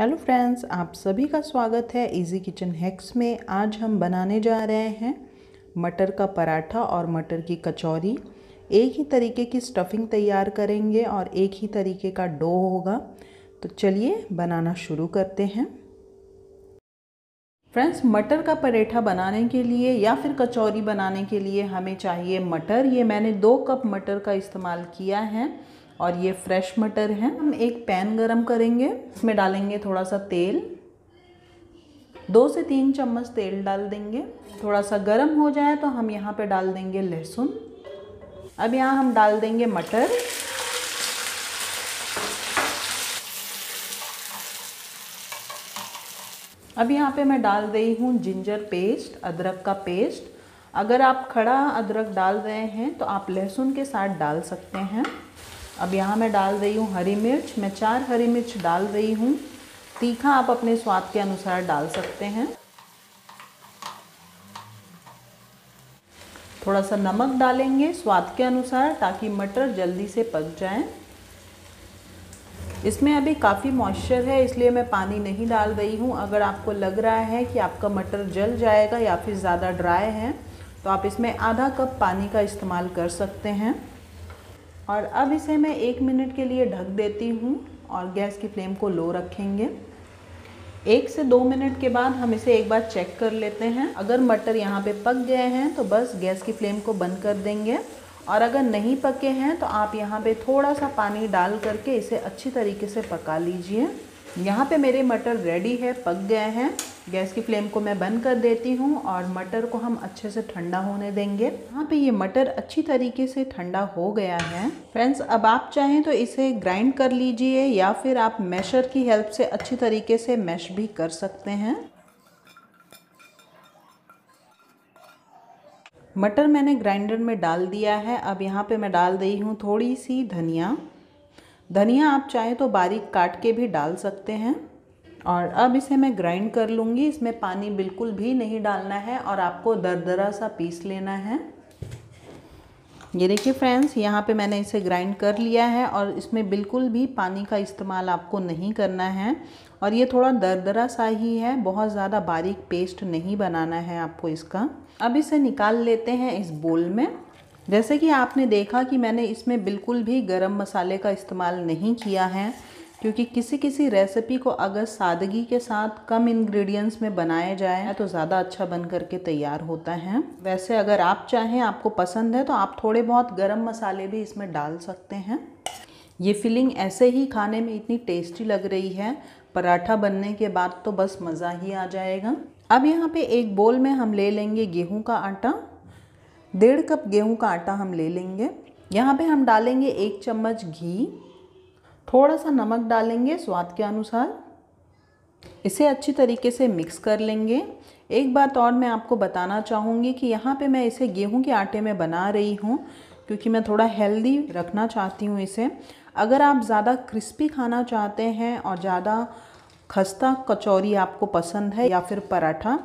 hello friends आप सभी का स्वागत है इजी किचन हैक्स में आज हम बनाने जा रहे हैं मटर का पराठा और मटर की कचौरी एक ही तरीके की स्टफिंग तैयार करेंगे और एक ही तरीके का डो होगा तो चलिए बनाना शुरू करते हैं फ्रेंड्स मटर का पराठा बनाने के लिए या फिर कचौरी बनाने के लिए हमें चाहिए मटर ये मैंने दो कप मटर का इस्तेमाल किया है और ये फ्रेश मटर है हम एक पैन गरम करेंगे इसमें डालेंगे थोड़ा सा तेल दो से तीन चम्मच तेल डाल देंगे थोड़ा सा गर्म हो जाए तो हम यहाँ पे डाल देंगे लहसुन अब यहाँ हम डाल देंगे मटर अब यहाँ पे मैं डाल रही हूँ जिंजर पेस्ट अदरक का पेस्ट अगर आप खड़ा अदरक डाल रहे हैं तो आप लहसुन के साथ डाल सकते हैं अब यहाँ मैं डाल रही हूँ हरी मिर्च मैं चार हरी मिर्च डाल रही हूँ तीखा आप अपने स्वाद के अनुसार डाल सकते हैं थोड़ा सा नमक डालेंगे स्वाद के अनुसार ताकि मटर जल्दी से पक जाए इसमें अभी काफ़ी मॉइस्चर है इसलिए मैं पानी नहीं डाल रही हूँ अगर आपको लग रहा है कि आपका मटर जल जाएगा या फिर ज़्यादा ड्राई है तो आप इसमें आधा कप पानी का इस्तेमाल कर सकते हैं और अब इसे मैं एक मिनट के लिए ढक देती हूँ और गैस की फ्लेम को लो रखेंगे एक से दो मिनट के बाद हम इसे एक बार चेक कर लेते हैं अगर मटर यहाँ पे पक गए हैं तो बस गैस की फ्लेम को बंद कर देंगे और अगर नहीं पके हैं तो आप यहाँ पे थोड़ा सा पानी डाल करके इसे अच्छी तरीके से पका लीजिए यहाँ पे मेरे मटर रेडी है पक गए हैं गैस की फ्लेम को मैं बंद कर देती हूँ और मटर को हम अच्छे से ठंडा होने देंगे यहाँ पे ये मटर अच्छी तरीके से ठंडा हो गया है फ्रेंड्स अब आप चाहें तो इसे ग्राइंड कर लीजिए या फिर आप मैशर की हेल्प से अच्छी तरीके से मैश भी कर सकते हैं मटर मैंने ग्राइंडर में डाल दिया है अब यहाँ पे मैं डाल रही हूँ थोड़ी सी धनिया धनिया आप चाहें तो बारीक काट के भी डाल सकते हैं और अब इसे मैं ग्राइंड कर लूँगी इसमें पानी बिल्कुल भी नहीं डालना है और आपको दरदरा सा पीस लेना है ये देखिए फ्रेंड्स यहाँ पे मैंने इसे ग्राइंड कर लिया है और इसमें बिल्कुल भी पानी का इस्तेमाल आपको नहीं करना है और ये थोड़ा दरदरा सा ही है बहुत ज़्यादा बारीक पेस्ट नहीं बनाना है आपको इसका अब इसे निकाल लेते हैं इस बोल में जैसे कि आपने देखा कि मैंने इसमें बिल्कुल भी गरम मसाले का इस्तेमाल नहीं किया है क्योंकि किसी किसी रेसिपी को अगर सादगी के साथ कम इंग्रेडिएंट्स में बनाया जाए तो ज़्यादा अच्छा बन करके तैयार होता है वैसे अगर आप चाहें आपको पसंद है तो आप थोड़े बहुत गर्म मसाले भी इसमें डाल सकते हैं ये फीलिंग ऐसे ही खाने में इतनी टेस्टी लग रही है पराठा बनने के बाद तो बस मज़ा ही आ जाएगा अब यहाँ पे एक बोल में हम ले लेंगे गेहूं का आटा डेढ़ कप गेहूं का आटा हम ले लेंगे यहाँ पे हम डालेंगे एक चम्मच घी थोड़ा सा नमक डालेंगे स्वाद के अनुसार इसे अच्छी तरीके से मिक्स कर लेंगे एक बात और मैं आपको बताना चाहूँगी कि यहाँ पे मैं इसे गेहूं के आटे में बना रही हूँ क्योंकि मैं थोड़ा हेल्दी रखना चाहती हूँ इसे अगर आप ज़्यादा क्रिस्पी खाना चाहते हैं और ज़्यादा खस्ता कचौरी आपको पसंद है या फिर पराठा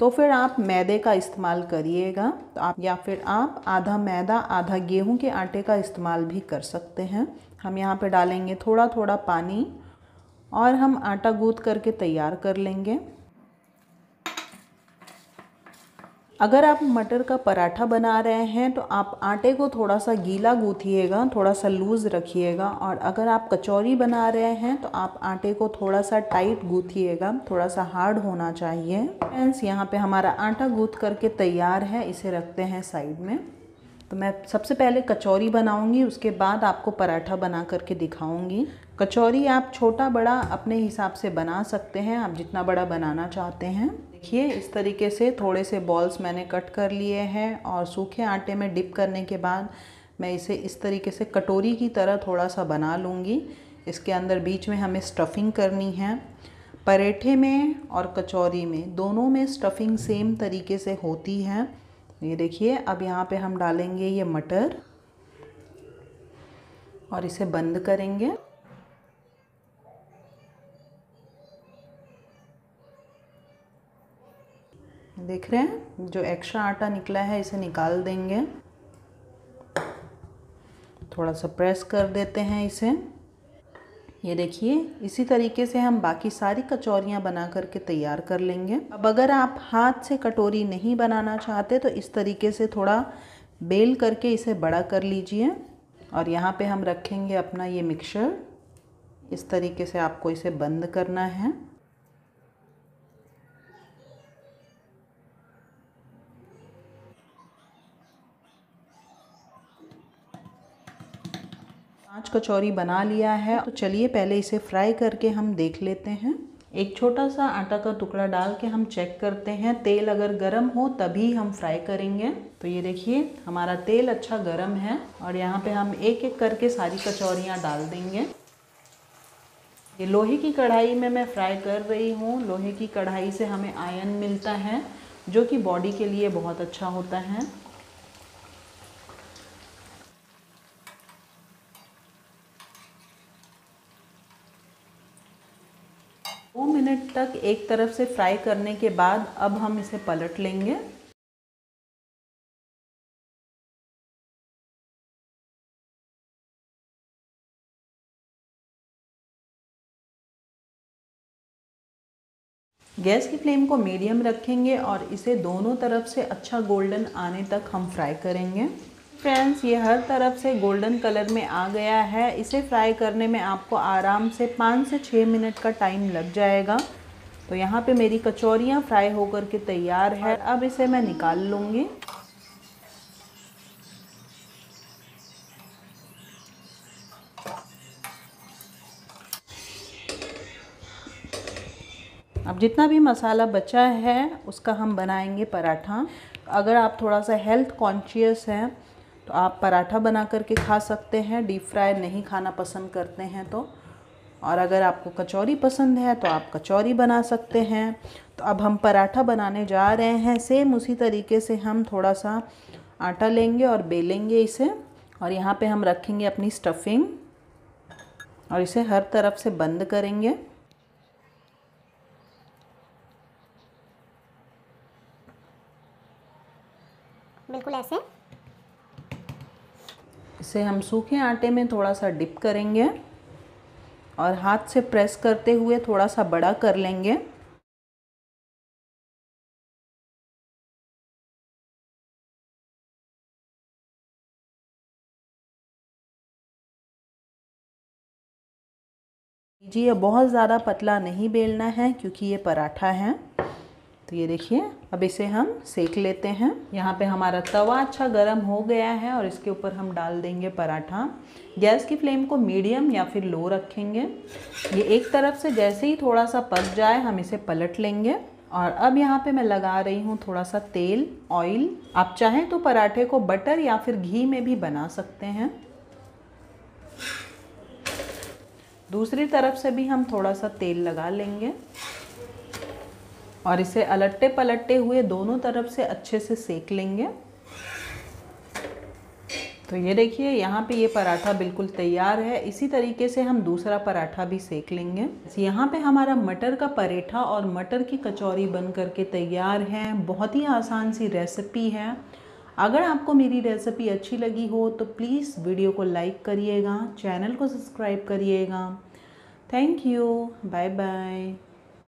तो फिर आप मैदे का इस्तेमाल करिएगा तो आप या फिर आप आधा मैदा आधा गेहूं के आटे का इस्तेमाल भी कर सकते हैं हम यहाँ पे डालेंगे थोड़ा थोड़ा पानी और हम आटा गूंद करके तैयार कर लेंगे अगर आप मटर का पराठा बना रहे हैं तो आप आटे को थोड़ा सा गीला गूथिएगा थोड़ा सा लूज़ रखिएगा और अगर आप कचौरी बना रहे हैं तो आप आटे को थोड़ा सा टाइट गूथिएगा थोड़ा सा हार्ड होना चाहिए फ्रेंड्स यहाँ पे हमारा आटा गूथ करके तैयार है इसे रखते हैं साइड में तो मैं सबसे पहले कचौरी बनाऊँगी उसके बाद आपको पराठा बना करके दिखाऊँगी कचौरी आप छोटा बड़ा अपने हिसाब से बना सकते हैं आप जितना बड़ा बनाना चाहते हैं देखिए इस तरीके से थोड़े से बॉल्स मैंने कट कर लिए हैं और सूखे आटे में डिप करने के बाद मैं इसे इस तरीके से कटोरी की तरह थोड़ा सा बना लूँगी इसके अंदर बीच में हमें स्टफिंग करनी है परेठे में और कचौरी में दोनों में स्टफिंग सेम तरीके से होती है ये देखिए अब यहाँ पे हम डालेंगे ये मटर और इसे बंद करेंगे देख रहे हैं जो एक्स्ट्रा आटा निकला है इसे निकाल देंगे थोड़ा सा प्रेस कर देते हैं इसे ये देखिए इसी तरीके से हम बाकी सारी कचौरियाँ बना करके तैयार कर लेंगे अब अगर आप हाथ से कटोरी नहीं बनाना चाहते तो इस तरीके से थोड़ा बेल करके इसे बड़ा कर लीजिए और यहाँ पे हम रखेंगे अपना ये मिक्सर इस तरीके से आपको इसे बंद करना है पाँच कचौरी बना लिया है तो चलिए पहले इसे फ्राई करके हम देख लेते हैं एक छोटा सा आटा का टुकड़ा डाल के हम चेक करते हैं तेल अगर गर्म हो तभी हम फ्राई करेंगे तो ये देखिए हमारा तेल अच्छा गर्म है और यहाँ पे हम एक एक करके सारी कचौरियाँ डाल देंगे ये लोहे की कढ़ाई में मैं फ्राई कर रही हूँ लोहे की कढ़ाई से हमें आयन मिलता है जो कि बॉडी के लिए बहुत अच्छा होता है मिनट तक एक तरफ से फ्राई करने के बाद अब हम इसे पलट लेंगे गैस की फ्लेम को मीडियम रखेंगे और इसे दोनों तरफ से अच्छा गोल्डन आने तक हम फ्राई करेंगे फ्रेंड्स ये हर तरफ से गोल्डन कलर में आ गया है इसे फ्राई करने में आपको आराम से पाँच से छः मिनट का टाइम लग जाएगा तो यहाँ पे मेरी कचौरियाँ फ्राई होकर के तैयार है अब इसे मैं निकाल लूँगी अब जितना भी मसाला बचा है उसका हम बनाएंगे पराठा अगर आप थोड़ा सा हेल्थ कॉन्शियस हैं तो आप पराठा बना करके खा सकते हैं डीप फ्राई नहीं खाना पसंद करते हैं तो और अगर आपको कचौरी पसंद है तो आप कचौरी बना सकते हैं तो अब हम पराठा बनाने जा रहे हैं सेम उसी तरीके से हम थोड़ा सा आटा लेंगे और बेलेंगे इसे और यहाँ पे हम रखेंगे अपनी स्टफिंग और इसे हर तरफ से बंद करेंगे इसे हम सूखे आटे में थोड़ा सा डिप करेंगे और हाथ से प्रेस करते हुए थोड़ा सा बड़ा कर लेंगे जी ये बहुत ज़्यादा पतला नहीं बेलना है क्योंकि ये पराठा है तो ये देखिए अब इसे हम सेक लेते हैं यहाँ पे हमारा तवा अच्छा गर्म हो गया है और इसके ऊपर हम डाल देंगे पराठा गैस की फ्लेम को मीडियम या फिर लो रखेंगे ये एक तरफ से जैसे ही थोड़ा सा पक जाए हम इसे पलट लेंगे और अब यहाँ पे मैं लगा रही हूँ थोड़ा सा तेल ऑयल आप चाहें तो पराठे को बटर या फिर घी में भी बना सकते हैं दूसरी तरफ से भी हम थोड़ा सा तेल लगा लेंगे और इसे अलट्टे पलट्टे हुए दोनों तरफ से अच्छे से सेक लेंगे तो ये देखिए यहाँ पे ये पराठा बिल्कुल तैयार है इसी तरीके से हम दूसरा पराठा भी सेक लेंगे यहाँ पे हमारा मटर का परेठा और मटर की कचौरी बन करके तैयार है बहुत ही आसान सी रेसिपी है अगर आपको मेरी रेसिपी अच्छी लगी हो तो प्लीज़ वीडियो को लाइक करिएगा चैनल को सब्सक्राइब करिएगा थैंक यू बाय बाय